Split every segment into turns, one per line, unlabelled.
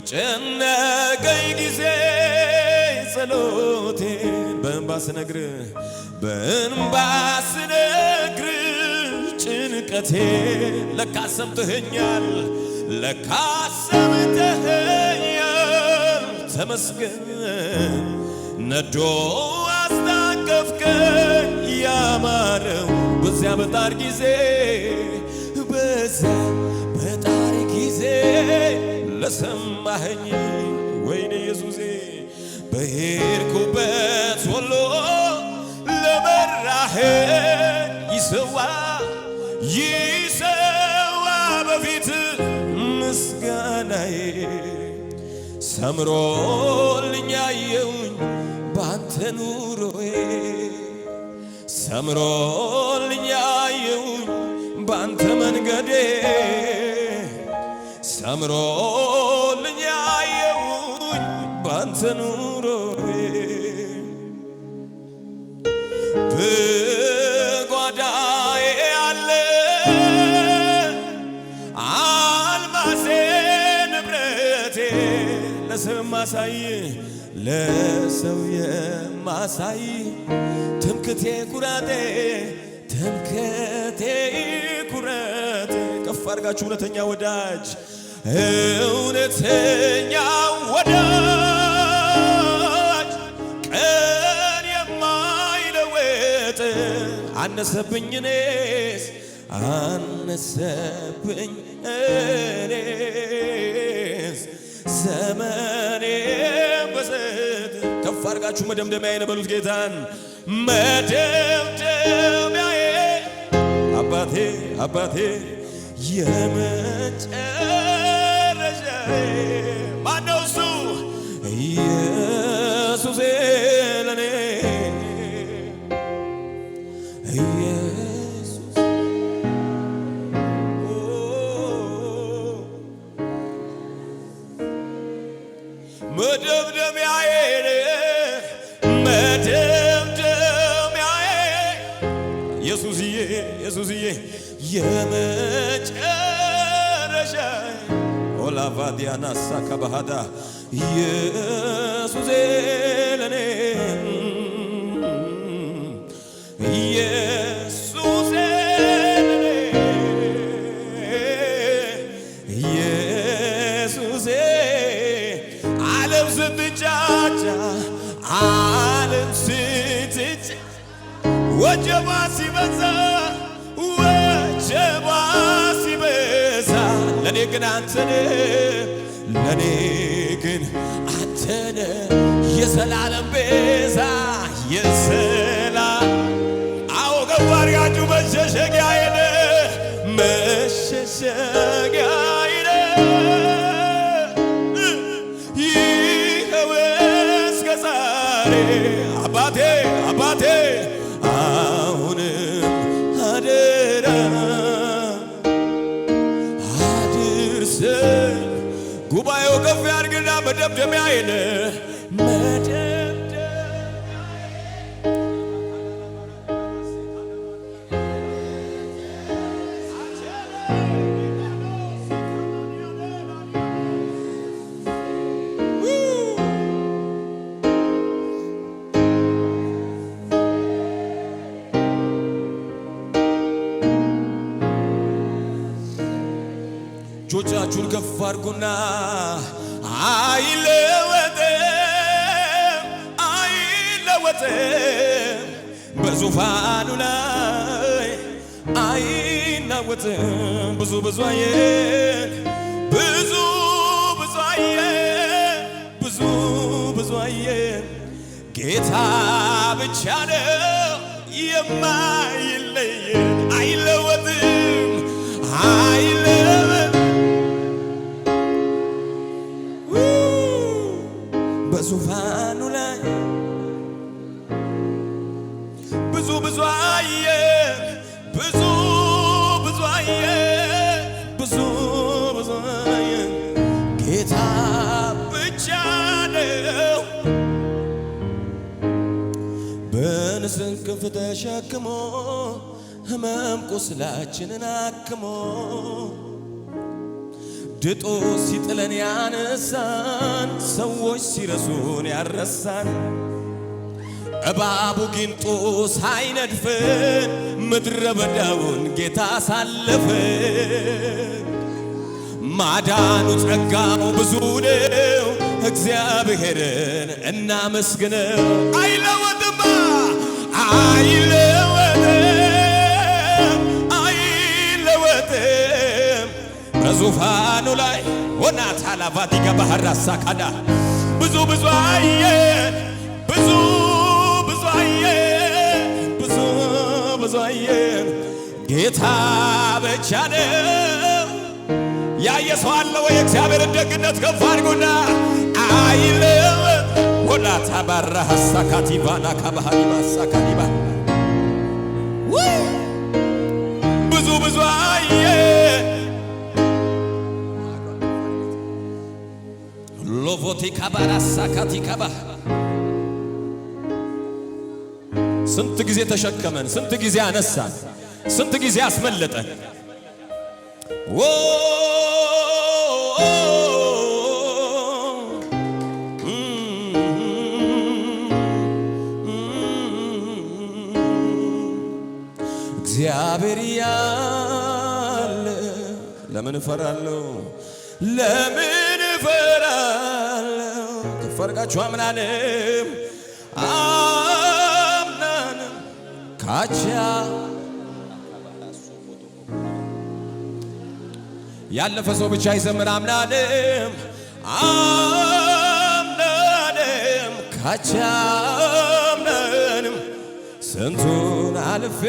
በጨነቀኝ ጊዜ ጸሎቴን በእንባ ስነግር በእንባ ስነግር ጭንቀቴ ለካ ሰምተኸኛል፣ ለካ ሰምተኸኛል። ተመስገን ነዶ አስታቀፍከኝ ያማረው በዚያ በጣር ጊዜ በዚያ በጣር ጊዜ ለሰማኸኝ ወይኔ ኢየሱሴ በሄድኩበት ሁሉ ለመራኸኝ ይሰዋ ይሰዋ በፊት ምስጋናዬ ሰምሮልኛ የውኝ ባንተ ኑሮዬ ሰምሮልኛ የውኝ ባንተ መንገዴ አምሮልኝ ያየሁኝ ባንተ ኑሮዬ በጓዳዬ ያለ አልማሴ ንብረቴ ለሰው ማሳይ ለሰው የማሳይ ትምክቴ ኩራቴ ትምክቴ ኩራቴ ከፍ አድርጋችሁ እውነተኛ ወዳጅ እውነተኛ ወዳጅ ቀን የማይለወጥ አነሰብኝ እኔስ አነሰብኝ እኔስ ዘመኔ በዘት ከፍ አድርጋችሁ መደምደሚያዬ በሉት ጌታን መደምደሚያዬ አባቴ አባቴ የመጨ ማነው እሱ? ኢየሱሴ ለኔ ኢየሱስ መደምደሚያዬ መደምደሚያዬ ኦላቫዲያናሳ ከባሃዳ ኢየሱሴ ለኔ ኢየሱሴ ወጀባ ሲበዛ ግን አንተን ለኔ ግን አንተን የዘላለም ቤዛ መደምደሚያዬን እጆቻችሁን ከፍ አድርጉና አይለወጥም አይለወጥም በዙፋኑ ላይ አይናወጥም። ብዙ ብዙ አየን ብዙ ብዙ አየን ብዙ ብዙ አየን ጌታ ብቻ ነው የማይለየ ብዙ ብዙ አየ ብዙ ብዙ አየ ብዙ ብዙ አየ ጌታ ብቻ ነው በንስር ክንፍ ተሸክሞ ህመም ቁስላችንን አክሞ ድጦ ሲጥለን ያነሳን ሰዎች ሲረሱን ያረሳን እባቡ ጊንጡ ሳይነድፍን ምድረ በዳውን ጌታ አሳለፈን። ማዳኑ ጸጋው ብዙ ነው። እግዚአብሔርን እናመስግነው። አይለወጥማ አይለወጥም አይለወጥም በዙፋኑ ላይ ሆናት አላባት ይገባህር አሳካዳ ብዙ ብዙ አየን ብዙ ብዙ አየን ጌታ ብቻ ነው ያየ ሰው አለ ወይ? ደግነት ከፍ አድርጉና አይልም ወላ ታባራ ብዙ ብዙ አየ ሎቮቴ ካባራ ሳካቲ ስንት ጊዜ ተሸከመን፣ ስንት ጊዜ አነሳን፣ ስንት ጊዜ አስመለጠን። እግዚአብሔር ያለ ለምን እፈራለሁ? ለምን እፈራለሁ? ከፈርጋችሁ አምናለም ካቻ ያለፈ ሰው ብቻ ይዘምር። አምናለም አምናለም ካቻ አምናለም ስንቱን አልፌ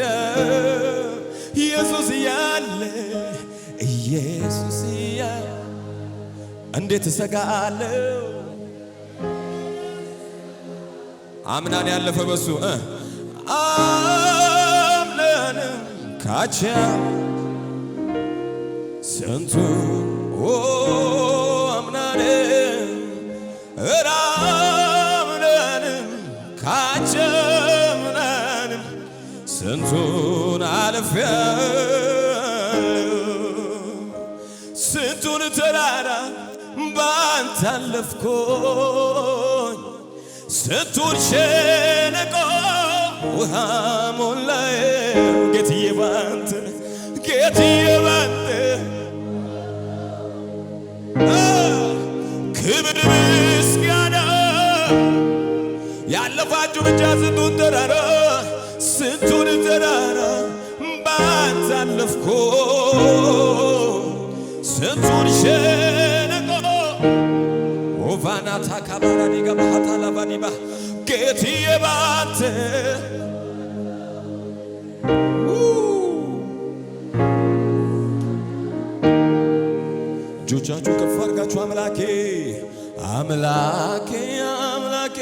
ኢየሱስ ያለ ኢየሱስ ያለ እንዴት እሰጋለሁ አምናን ያለፈ በሱ አ ካቻ ስንቱ አምናን እራምነን ካቸምነን ስንቱን አልፌያለሁ ስንቱን ተራራ ባንተ ስንቱን ሸለቆ ውሃ ሞላዬ ጌትዬ ባንተ ጌትዬ ባንተ ክብር ምስጋና ያለፋችሁ ብቻ ስንቱን ተራራ ስንቱን ተራራ ባንተ አለፍኩ ስንቱን ሸለቆ ኦቫናታ ካባራዲጋ ባህታ ላባዲባ ጌት የባንተ እጆቻችሁ ከፍ አድርጋችሁ አምላኬ አምላኬ አምላኬ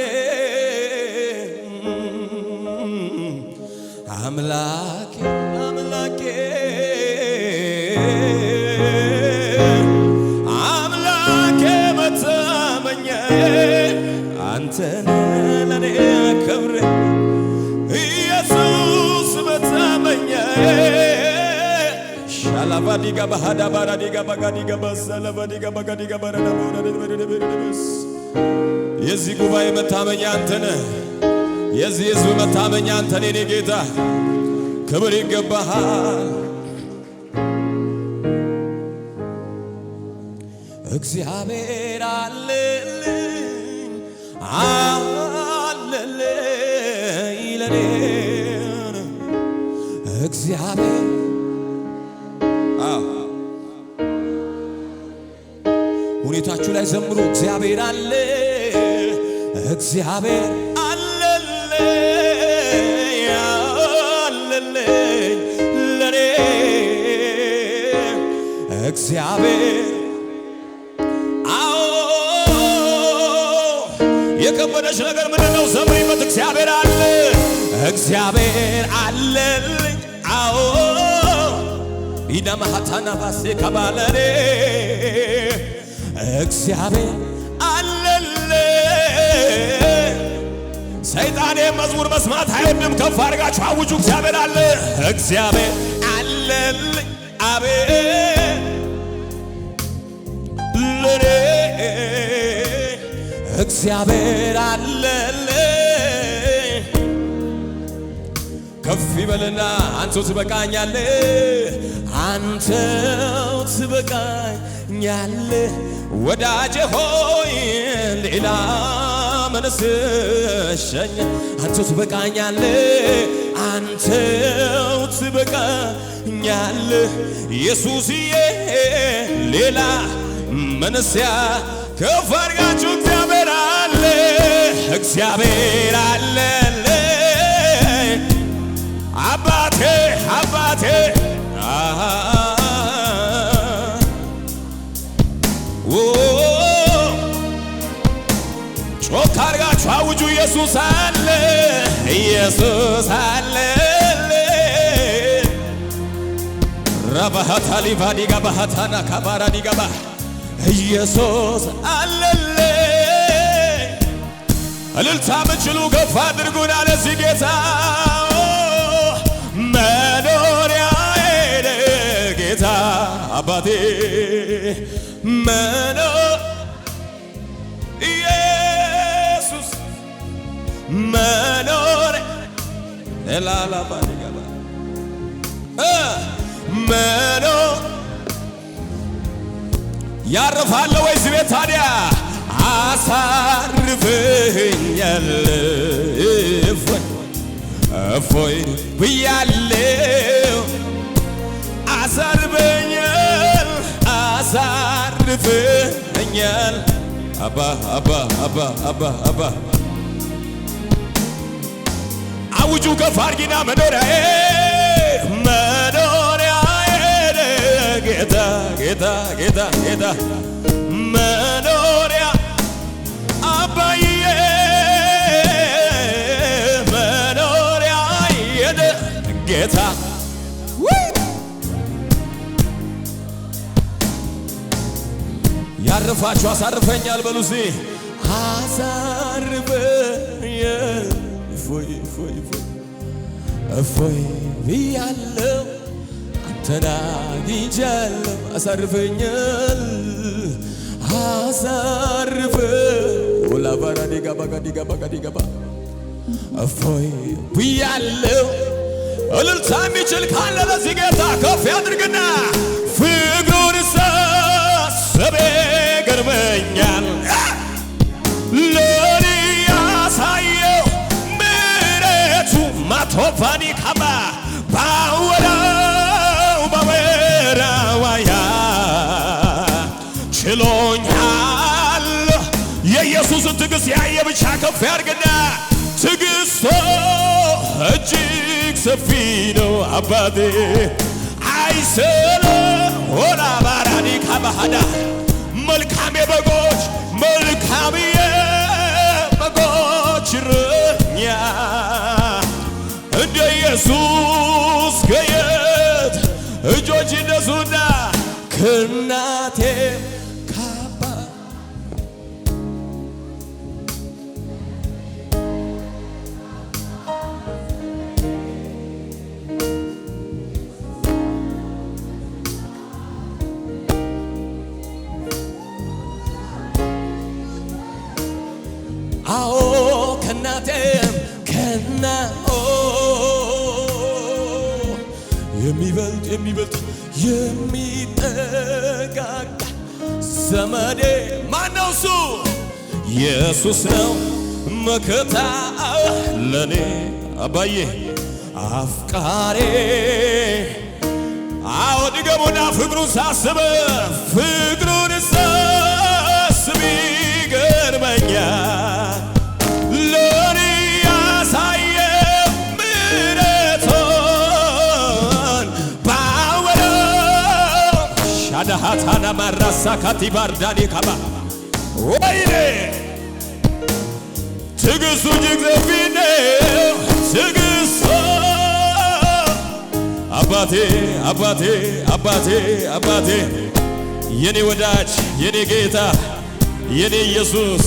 አምላኬ ዲጋ ባሃዳ ባራ ዲጋ ባጋ ዲጋ ባሰለበ ዲጋ ባጋ ዲጋ ባራ የዚህ ጉባኤ መታመኛ አንተ ነህ። የዚህ ህዝብ መታመኛ አንተ ነህ። የኔ ጌታ ክብር ይገባሃል። እግዚአብሔር አለልኝ አለልኝ ለኔ እግዚአብሔር ሁኔታችሁ ላይ ዘምሩ። እግዚአብሔር አለ፣ እግዚአብሔር አለለ አለለኝ ለኔ እግዚአብሔር የከበደች ነገር ምንድን ነው? ዘምሪበት። እግዚአብሔር አለ እግዚአብሔር አለልኝ። አዎ ኢዳማሃታናባሴ ከባለኔ እግዚአብሔር አለለ። ሰይጣን መዝሙር መስማት አይወድም። ከፍ አድርጋችሁ አውጁ። እግዚአብሔር አለ፣ እግዚአብሔር አለለ። አቤት ለኔ እግዚአብሔር አለለ። ከፍ ይበልና አንተው ትበቃኛለህ፣ አንተው ትበቃኛለህ ወዳጅ ሆይ ሌላ ምንስ ሸኝ አንተው ትበቃኛለህ፣ አንተው ትበቃኛለህ ኢየሱስዬ ሌላ ምንስ ከፍ አድርጋችሁ እግዚአብሔር አለ እግዚአብሔር አለ አባቴ አባቴ ጮክ አርጋችሁ አውጁ ኢየሱስ አለ፣ ኢየሱስ አለ። ረባሃታ ሊቫዲጋ ባህታና ካባራ ዲጋባ ኢየሱስ አለለ እልልታ ምችሉ ገፋ አድርጉን አለዚህ ጌታ መኖሪያ ጌታ አባቴ መኖ ኢየሱስ መኖር ላላባ መኖ ያርፋለ ወይ እዚህ ታዲያ አሳርፍኛል እፎይ ብያለሁ ያድነኛል። አባ አባ አባ አባ አባ አውጁ ከፍ አድርጊና መኖሪያዬ መኖሪያዬ ጌታ ጌታ ጌታ ጌታ መኖሪያ አባዬ መኖሪያ ጌታ ያረፋችሁ አሳርፈኛል በሉ እስቲ አሳርፈኝ እፎይ እፎይ እፎይ ብያለው አንተን አግኝቻለሁ አሳርፈኛል አሳርፈ ወላባራ ዲጋባ ጋዲጋባ ጋዲጋባ እፎይ ብያለው እልልታ የሚችል ካለ ለዚህ ጌታ ከፍ ያድርግና ፍቅሩ ሰቤ ገርመኛል ለኔ ያሳየው ምረቱ ማቶፋኒ ካባ ባወራው ባወራዋያ ችሎኛል የኢየሱስ ትዕግሥት ያየ ብቻ ከፍ ያድርግና ትዕግሥቶ እጅግ ሰፊ ነው አባቴ አይሰለ ሆና ባራኒ ካባሃዳ መልካም የበጎች መልካም የበጎች እረኛ እንደ ኢየሱስ ገየት እጆች ይነሱና ከናቴ አዎ ከናቴም ከና የሚበልጥ የሚበልጥ የሚጠጋጋ ዘመዴ ማነው? እሱ ኢየሱስ ነው መከታ ለኔ አባዬ አፍቃሬ አዎ ድገሙና ፍቅሩን ሳስበ ፍቅሩን ሳስብ ይገርመኛል ካታና ማራሳ ካቲባርዳኔ ካባ ወይኔ ትዕግስቱ እጅግ ሰፊ አባቴ አባቴ አባቴ አባቴ የኔ ወዳጅ የኔ ጌታ የኔ ኢየሱስ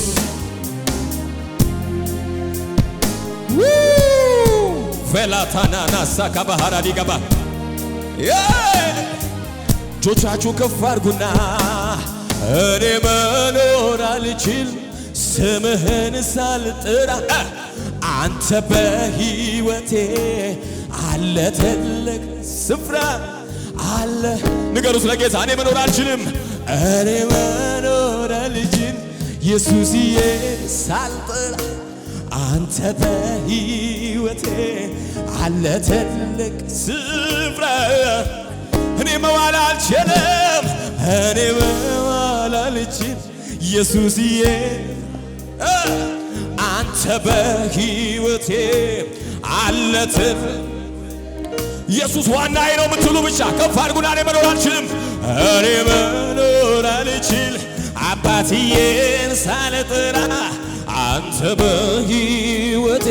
ፌላታናናሳ ካባሃራዲ ገባ እጆቻችሁ ከፍ አድርጉና እኔ መኖር አልችል ስምህን ሳልጥራ አንተ በሕይወቴ አለ ትልቅ ስፍራ አለ። ንገሩት ለጌታ እኔ መኖር አልችልም እኔ መኖር አልችል ኢየሱስዬ ሳልጥራ አንተ በሕይወቴ አለ ትልቅ ስፍራ መዋል አልችልም፣ እኔ መዋል አልችል ኢየሱስዬ አንተ በሕይወቴ አለት ኢየሱስ ዋናዬ ነው የምትሉ ብቻ ከፍ አድርጉና እኔ መኖር አልችልም፣ እኔ መኖር አልችል አባትዬን ሳልጠራ አንተ በሕይወቴ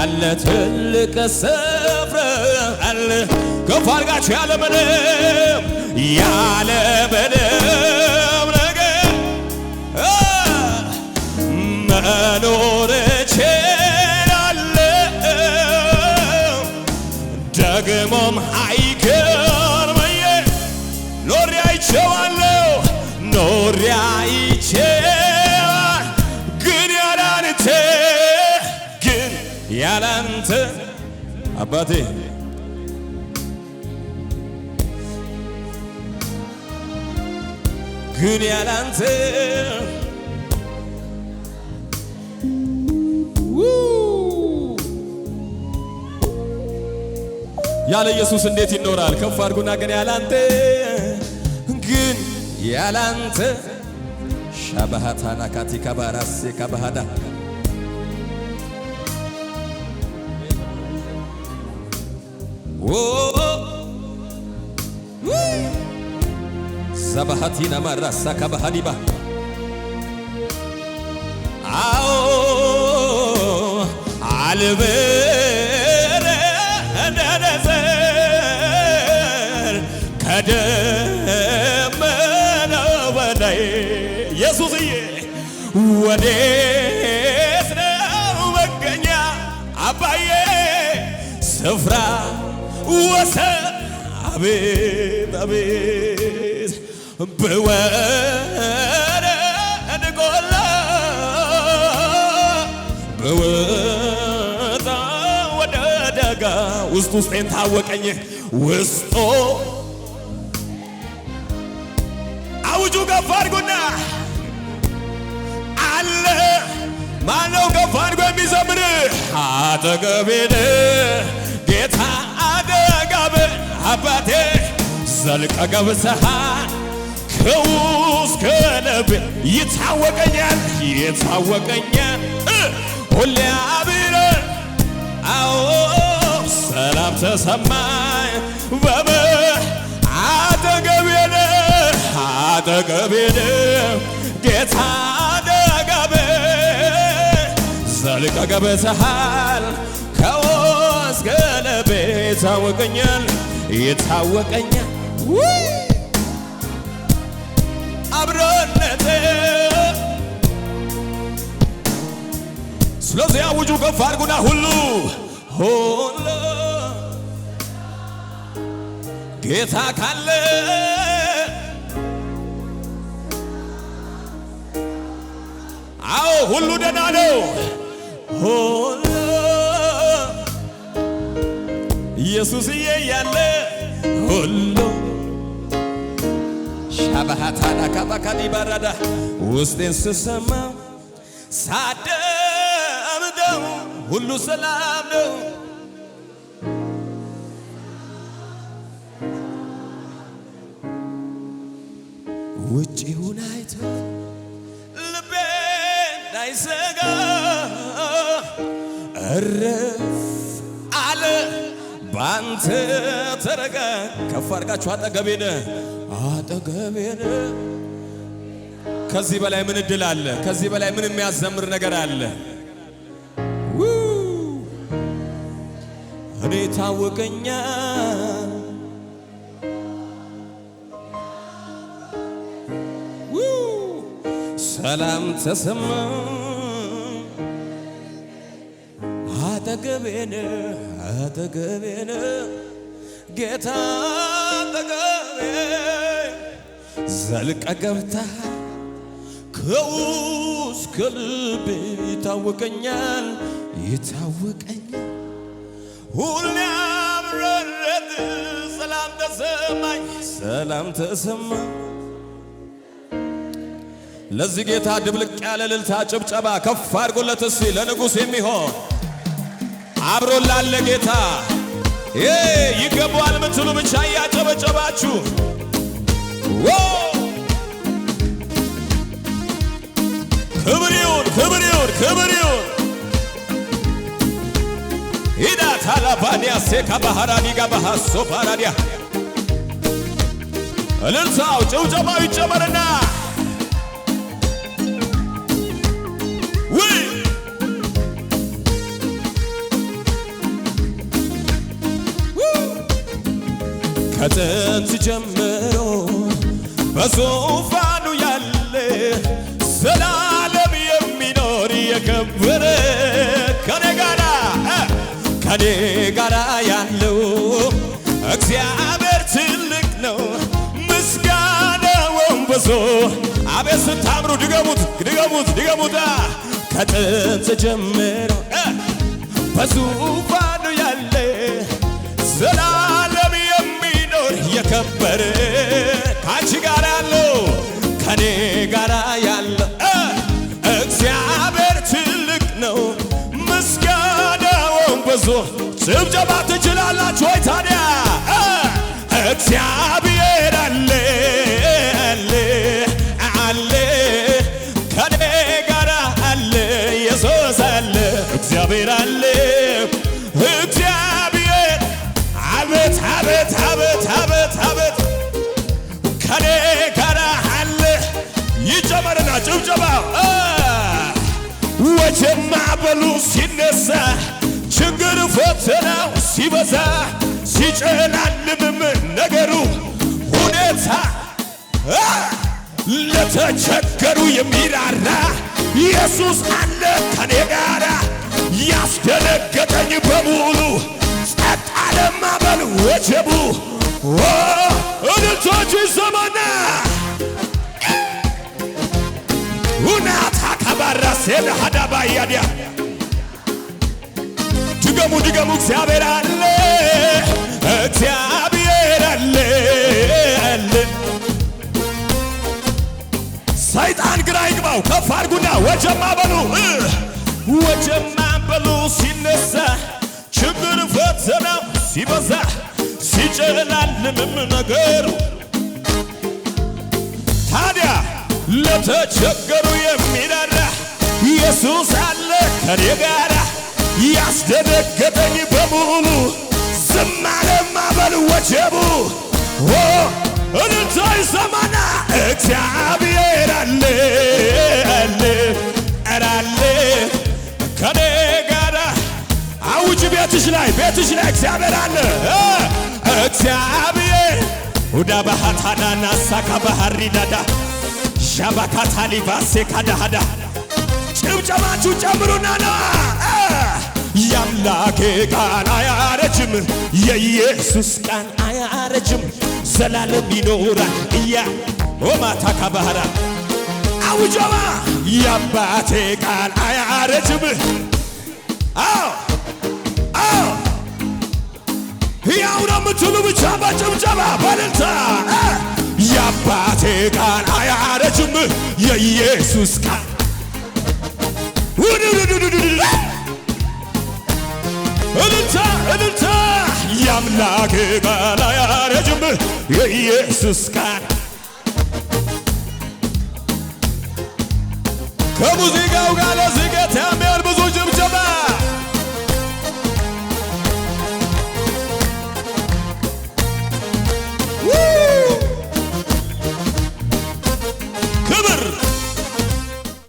አለ ትልቅ ስፍራ አለ ከፍ አድርጋችሁ ያለምንም ያለምንም ነገር መኖር እችላለሁ ደግሞም አይገርመኝ ኖሬ አይቼዋለሁ ኖሬ አይቼዋል ግን ያላንተ ግን ያላንተ አባቴ ግን ያላንተ ያለ ኢየሱስ እንዴት ይኖራል? ከፍ አድርጉና ግን ያላንተ ግን ያላንተ ሻባሃታና ካቲካ ባራሴ ካባሃዳ ኦ ዘባሃቲና ማራሳ ካባሃዲባ አዎ አልብር እንደነዘር በላይ ኢየሱስዬ ወዴት ነው መገኛ አባዬ ስፍራ ወሰን አቤት አቤት ብወረድ ጎላ ብወጣ ወደ ደጋ ውስጥ ውስጤን ታወቀኝ ውስጦ አውጁ ገፋ አድርጉና አለ ማነው ገፋ አድርጎ የሚዘምር አጠገቤን ጌታ አደጋብ አባቴ ዘልቀ ገብሰሃል ከውስጥ ከልብ ይታወቀኛል ይታወቀኛል ሁሌ አብረ አዎ ሰላም ተሰማኝ በመ አጠገቤነ አጠገቤነ ጌታ ዘልቀ ገብተሃል ከውስጥ ከልብ ይታወቀኛል ይታወቀኛል አብሮነት ስለዚህ አውጁ ከፍ አድርጉና ሁሉ ሁሉ ጌታ ካለ አዎ ሁሉ ደህና ነው። ሁሉ ኢየሱስዬ ያለ ሁሉ አባሃታዳ ካባካዲ በረዳ ውስጤን ስሰማው ሳዳምደው ሁሉ ሰላም ነው። ውጭውን አይቶ ልቤን እንዳይዘጋ እርፍ አለ ባንተ ተረጋ ከፍ አድርጋችሁ አጠገቤ ነህ አጠገቤን ከዚህ በላይ ምን እድል አለ? ከዚህ በላይ ምን የሚያዘምር ነገር አለ? እኔ ታወቀኛ ሰላም ተሰማ አጠገቤን አጠገቤን ጌታ አጠገ ዘልቀ ገብታ ከውስ ከልቤ ይታወቀኛል ይታወቀኛል ሁሌ አብረረት ሰላም ተሰማኝ ሰላም ተሰማኝ። ለዚህ ጌታ ድብልቅ ያለ ልልታ ጭብጨባ ከፍ አድርጎለት እስቲ ለንጉሥ የሚሆን አብሮ ላለ ጌታ ይገባዋል ምትሉ ብቻ እያጨበጨባችሁ ክብር ይሁን፣ ክብር ይሁን። ሂዳት አላባንያ ሴካ ባህራዲጋ ባህሶ ባህራዲያ እልልሳው ጭብጨባው ይጨመርና ከጥንት ጀምሮ በዙፋ ነበረ ከኔ ጋራ ከኔ ጋራ ያለው እግዚአብሔር ትልቅ ነው፣ ምስጋና ብዙ። አቤት ስታምሩ ድገሙት፣ ድገሙት፣ ድገሙት። ከጥንት ጀምሮ በዙፋኑ ያለ ዘላለም የሚኖር የከበረ ካንቺ ጋር ያለው ጭብጨባ ትችላላችሁ ወይ ታዲያ እግዚአብሔር ፈተናው ሲበዛ ሲጨላልምም ነገሩ ሁኔታ ለተቸገሩ የሚራራ ኢየሱስ አለ ከኔ ጋራ ያስደነገጠኝ በሙሉ ጸጥ አለማ በል ወጀቡ እልልቶቹ ይሰማና ሁናታ ከባራ ሴል ሀዳባ ያዲያ ድገሙ ድገሙ። እግዚአብሔር አለ እግዚአብሔር አለ አለ። ሰይጣን ግራ ይግባው። ከፍ አድርጉና ወጀማ በሉ ወጀማ በሉ። ሲነሳ ችግር ፈተናው ሲበዛ ሲጨላልምም ነገሩ ታዲያ ለተቸገሩ የሚራራ ኢየሱስ አለ ከኔ ጋራ ያስደነገጠኝ በሙሉ ዝም አለ ማዕበል ወጀቡ እልልታ ይሰማና እግዚአብሔር አለ አለ ከኔ ጋር አውጅ ቤትሽ ላይ ቤትሽ ላይ እግዚአብሔር አለ እግዚአብሔር ሁዳ ባህታዳና ሳካ ባህሪ ዳዳ ሻባካታሊቫሴ ካዳሃዳ ጭብጨባችሁ ጨምሩና ነዋ የአምላኬ ቃል አያረጅም፣ የኢየሱስ ቃል አያረጅም፣ ዘላለም ይኖራል። እያ ኦማታ ካባህራ አውጆባ የአባቴ ቃል አያረጅም። ያው ነው የምትሉ ብቻ በጭብጨባ በልልታ የአባቴ ቃል አያረጅም፣ የኢየሱስ ቃል እልልታ እልልታ የአምላክ ቃል አያረጅም የኢየሱስ ቃል ከሙዚቃው ጋር ለዝገት